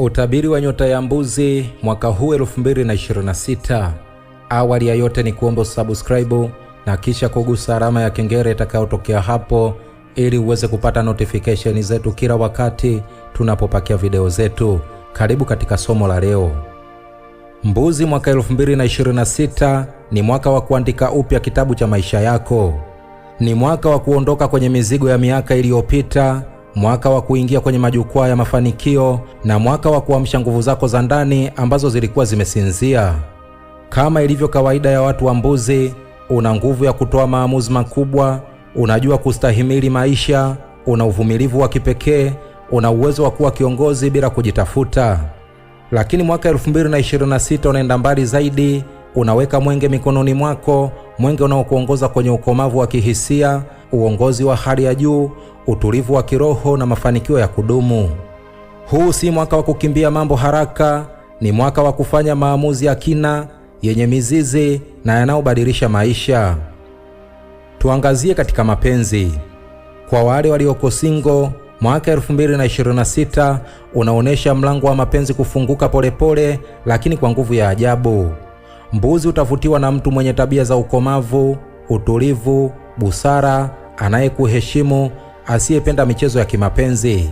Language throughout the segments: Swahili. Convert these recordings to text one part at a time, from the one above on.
Utabiri wa nyota ya mbuzi mwaka huu 2026. Awali ya yote ni kuomba subscribe na kisha kugusa alama ya kengele itakayotokea hapo ili uweze kupata notification zetu kila wakati tunapopakia video zetu. Karibu katika somo la leo. Mbuzi, mwaka 2026 ni mwaka wa kuandika upya kitabu cha maisha yako. Ni mwaka wa kuondoka kwenye mizigo ya miaka iliyopita mwaka wa kuingia kwenye majukwaa ya mafanikio na mwaka wa kuamsha nguvu zako za ndani ambazo zilikuwa zimesinzia. Kama ilivyo kawaida ya watu wa mbuzi, una nguvu ya kutoa maamuzi makubwa, unajua kustahimili maisha, una uvumilivu wa kipekee, una uwezo wa kuwa kiongozi bila kujitafuta. Lakini mwaka 2026 unaenda mbali zaidi, unaweka mwenge mikononi mwako, mwenge unaokuongoza kwenye ukomavu wa kihisia uongozi wa hali ya juu, utulivu wa kiroho na mafanikio ya kudumu. Huu si mwaka wa kukimbia mambo haraka, ni mwaka wa kufanya maamuzi ya kina yenye mizizi na yanayobadilisha maisha. Tuangazie katika mapenzi. Kwa wale walioko singo mwaka 2026 unaonyesha mlango wa mapenzi kufunguka polepole pole, lakini kwa nguvu ya ajabu. Mbuzi utavutiwa na mtu mwenye tabia za ukomavu, utulivu busara, anayekuheshimu, asiyependa michezo ya kimapenzi.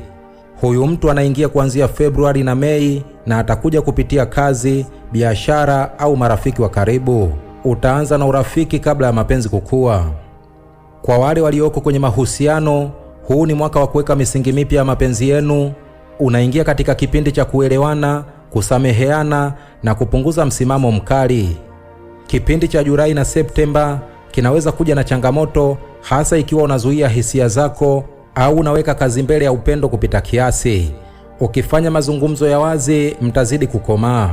Huyu mtu anaingia kuanzia Februari na Mei na atakuja kupitia kazi, biashara au marafiki wa karibu. Utaanza na urafiki kabla ya mapenzi kukua. Kwa wale walioko kwenye mahusiano, huu ni mwaka wa kuweka misingi mipya ya mapenzi yenu. Unaingia katika kipindi cha kuelewana, kusameheana na kupunguza msimamo mkali. Kipindi cha Julai na Septemba kinaweza kuja na changamoto, hasa ikiwa unazuia hisia zako au unaweka kazi mbele ya upendo kupita kiasi. Ukifanya mazungumzo ya wazi, mtazidi kukomaa.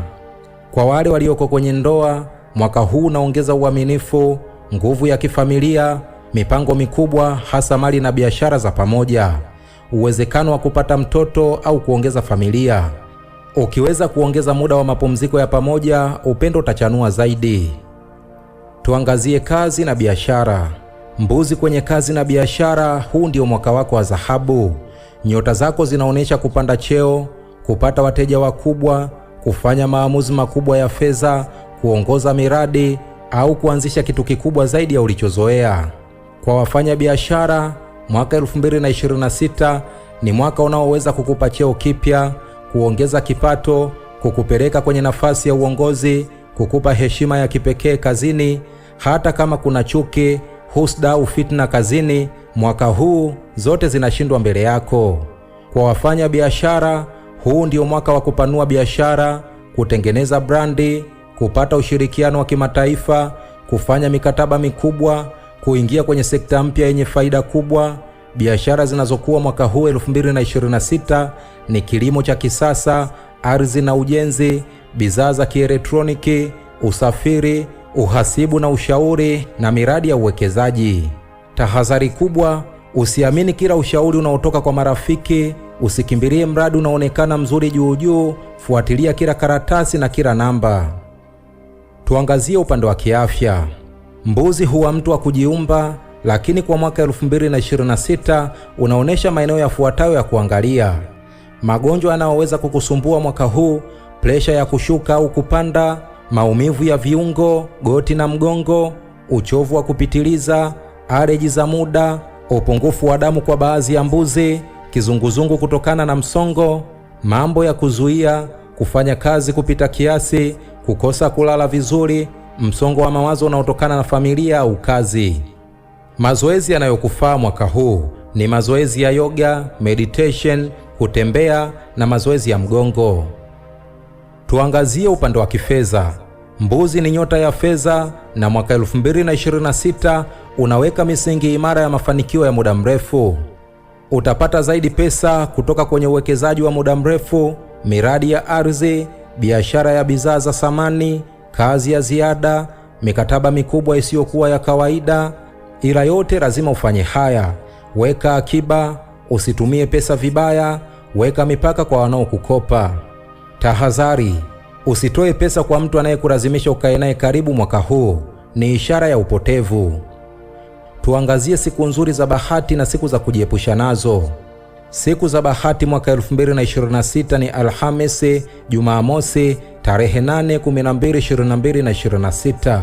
Kwa wale walioko kwenye ndoa, mwaka huu unaongeza uaminifu, nguvu ya kifamilia, mipango mikubwa, hasa mali na biashara za pamoja, uwezekano wa kupata mtoto au kuongeza familia. Ukiweza kuongeza muda wa mapumziko ya pamoja, upendo utachanua zaidi. Tuangazie kazi na biashara. Mbuzi kwenye kazi na biashara, huu ndio mwaka wako wa dhahabu. Nyota zako zinaonyesha kupanda cheo, kupata wateja wakubwa, kufanya maamuzi makubwa ya fedha, kuongoza miradi au kuanzisha kitu kikubwa zaidi ya ulichozoea. Kwa wafanya biashara, mwaka 2026 ni mwaka unaoweza kukupa cheo kipya, kuongeza kipato, kukupeleka kwenye nafasi ya uongozi, kukupa heshima ya kipekee kazini hata kama kuna chuki, husda au fitna kazini, mwaka huu zote zinashindwa mbele yako. Kwa wafanya biashara, huu ndio mwaka wa kupanua biashara, kutengeneza brandi, kupata ushirikiano wa kimataifa, kufanya mikataba mikubwa, kuingia kwenye sekta mpya yenye faida kubwa. Biashara zinazokuwa mwaka huu 2026 ni kilimo cha kisasa, ardhi na ujenzi, bidhaa za kielektroniki, usafiri uhasibu na ushauri na miradi ya uwekezaji. Tahadhari kubwa: usiamini kila ushauri unaotoka kwa marafiki. Usikimbilie mradi unaonekana mzuri juu juu, fuatilia kila karatasi na kila namba. Tuangazie upande wa kiafya. Mbuzi huwa mtu wa kujiumba, lakini kwa mwaka 2026 unaonyesha maeneo yafuatayo ya kuangalia: magonjwa yanayoweza kukusumbua mwaka huu, presha ya kushuka au kupanda maumivu ya viungo, goti na mgongo, uchovu wa kupitiliza, areji za muda, upungufu wa damu kwa baadhi ya mbuzi, kizunguzungu kutokana na msongo, mambo ya kuzuia, kufanya kazi kupita kiasi, kukosa kulala vizuri, msongo wa mawazo unaotokana na familia au kazi. Mazoezi yanayokufaa mwaka huu ni mazoezi ya yoga, meditation, kutembea na mazoezi ya mgongo. Tuangazie upande wa kifedha. Mbuzi ni nyota ya fedha na mwaka 2026 unaweka misingi imara ya mafanikio ya muda mrefu. Utapata zaidi pesa kutoka kwenye uwekezaji wa muda mrefu, miradi ya ardhi, biashara ya bidhaa za samani, kazi ya ziada, mikataba mikubwa isiyokuwa ya kawaida. Ila yote lazima ufanye haya: weka akiba, usitumie pesa vibaya, weka mipaka kwa wanaokukopa. Tahadhari: Usitoe pesa kwa mtu anayekulazimisha ukae naye karibu mwaka huu, ni ishara ya upotevu. Tuangazie siku nzuri za bahati na siku za kujiepusha nazo. Siku za bahati mwaka 2026 ni Alhamisi, Jumamosi, tarehe 8, 12, 22 na 26.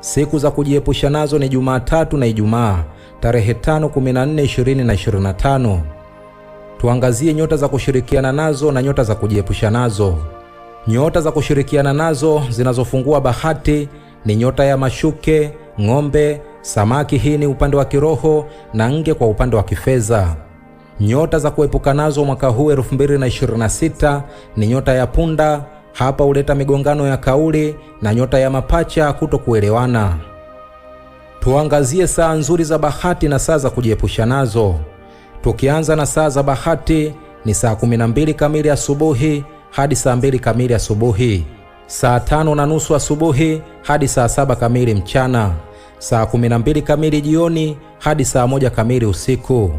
Siku za kujiepusha nazo ni Jumatatu na Ijumaa, tarehe 5, 14, 20 na 25. Tuangazie nyota za kushirikiana nazo na nyota za kujiepusha nazo. Nyota za kushirikiana nazo zinazofungua bahati ni nyota ya mashuke, ng'ombe, samaki, hii ni upande wa kiroho, na nge kwa upande wa kifedha. Nyota za kuepuka nazo mwaka huu 2026 ni nyota ya punda, hapa huleta migongano ya kauli, na nyota ya mapacha, kutokuelewana. Tuangazie saa nzuri za bahati na saa za kujiepusha nazo. Tukianza na saa za bahati, ni saa 12 kamili asubuhi hadi saa mbili kamili asubuhi, saa tano na nusu asubuhi hadi saa saba kamili mchana, saa kumi na mbili kamili jioni hadi saa moja kamili usiku.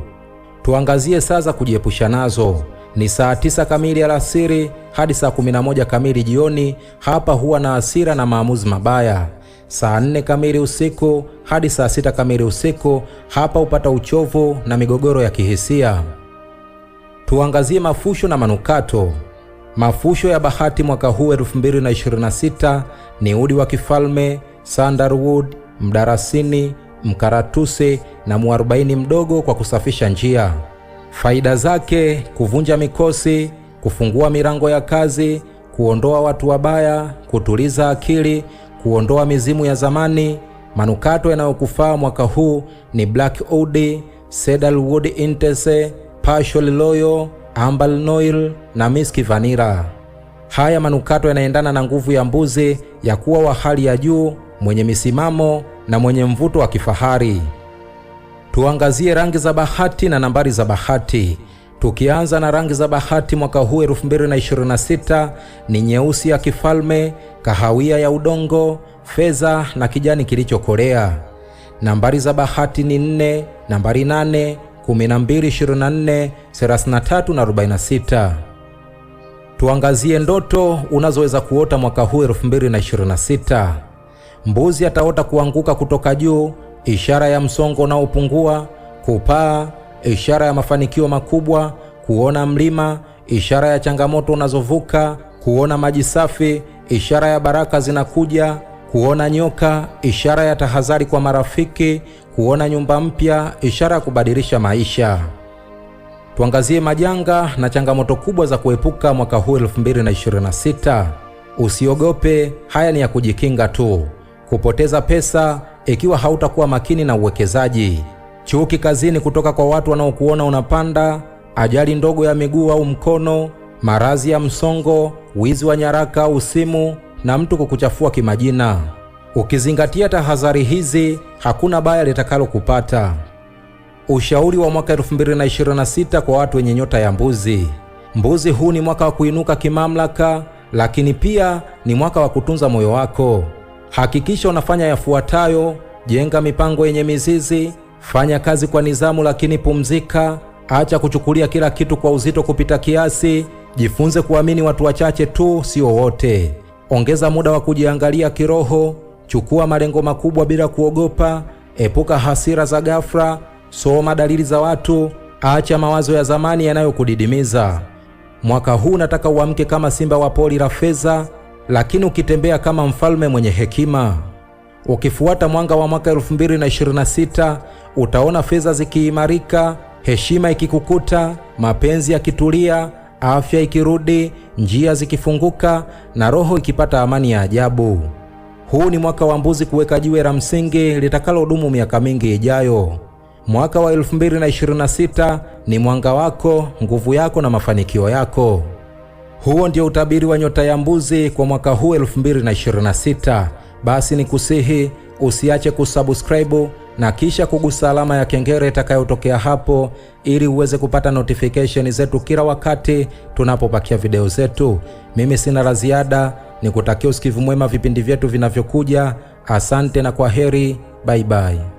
Tuangazie saa za kujiepusha nazo ni saa tisa kamili alasiri hadi saa kumi na moja kamili jioni. Hapa huwa na hasira na maamuzi mabaya. Saa nne kamili usiku hadi saa sita kamili usiku, hapa hupata uchovu na migogoro ya kihisia. Tuangazie mafusho na manukato. Mafusho ya bahati mwaka huu 2026 ni udi wa kifalme, sandalwood, mdarasini, mkaratuse na mwarobaini mdogo kwa kusafisha njia. Faida zake: kuvunja mikosi, kufungua milango ya kazi, kuondoa watu wabaya, kutuliza akili, kuondoa mizimu ya zamani. Manukato yanayokufaa mwaka huu ni blackwood, sandalwood intense, passion royal ambal noir na miski vanira. Haya manukato yanaendana na nguvu ya mbuzi ya kuwa wa hali ya juu, mwenye misimamo na mwenye mvuto wa kifahari. Tuangazie rangi za bahati na nambari za bahati. Tukianza na rangi za bahati mwaka huu 2026 ni nyeusi ya kifalme, kahawia ya udongo, fedha na kijani kilichokolea. Nambari za bahati ni nne, nambari nane, 1224, 46. Tuangazie ndoto unazoweza kuota mwaka huu 2026. Mbuzi ataota kuanguka kutoka juu, ishara ya msongo unaopungua. Kupaa, ishara ya mafanikio makubwa. Kuona mlima, ishara ya changamoto unazovuka. Kuona maji safi, ishara ya baraka zinakuja kuona nyoka, ishara ya tahadhari kwa marafiki, kuona nyumba mpya, ishara ya kubadilisha maisha. Tuangazie majanga na changamoto kubwa za kuepuka mwaka huu 2026. Usiogope, haya ni ya kujikinga tu. Kupoteza pesa ikiwa hautakuwa makini na uwekezaji, chuki kazini kutoka kwa watu wanaokuona unapanda, ajali ndogo ya miguu au mkono, maradhi ya msongo, wizi wa nyaraka au simu, na mtu kukuchafua kimajina. Ukizingatia tahadhari hizi, hakuna baya litakalokupata. Ushauri wa mwaka 2026 kwa watu wenye nyota ya mbuzi. Mbuzi, huu ni mwaka wa kuinuka kimamlaka, lakini pia ni mwaka wa kutunza moyo wako. Hakikisha unafanya yafuatayo: jenga mipango yenye mizizi, fanya kazi kwa nidhamu, lakini pumzika. Acha kuchukulia kila kitu kwa uzito kupita kiasi. Jifunze kuamini watu wachache tu, sio wote. Ongeza muda wa kujiangalia kiroho, chukua malengo makubwa bila kuogopa, epuka hasira za ghafla, soma dalili za watu, acha mawazo ya zamani yanayokudidimiza. Mwaka huu nataka uamke kama simba wa pori la fedha, lakini ukitembea kama mfalme mwenye hekima. Ukifuata mwanga wa mwaka 2026 utaona fedha zikiimarika, heshima ikikukuta, mapenzi yakitulia afya ikirudi, njia zikifunguka na roho ikipata amani ya ajabu. Huu ni mwaka wa mbuzi kuweka jiwe la msingi litakalodumu miaka mingi ijayo. Mwaka wa 2026 ni mwanga wako, nguvu yako na mafanikio yako. Huo ndio utabiri wa nyota ya mbuzi kwa mwaka huu 2026. Basi ni kusihi usiache kusubscribe na kisha kugusa alama ya kengele itakayotokea hapo ili uweze kupata notification zetu kila wakati tunapopakia video zetu. Mimi sina la ziada, nikutakia usikivu mwema vipindi vyetu vinavyokuja. Asante na kwa heri, bye bye.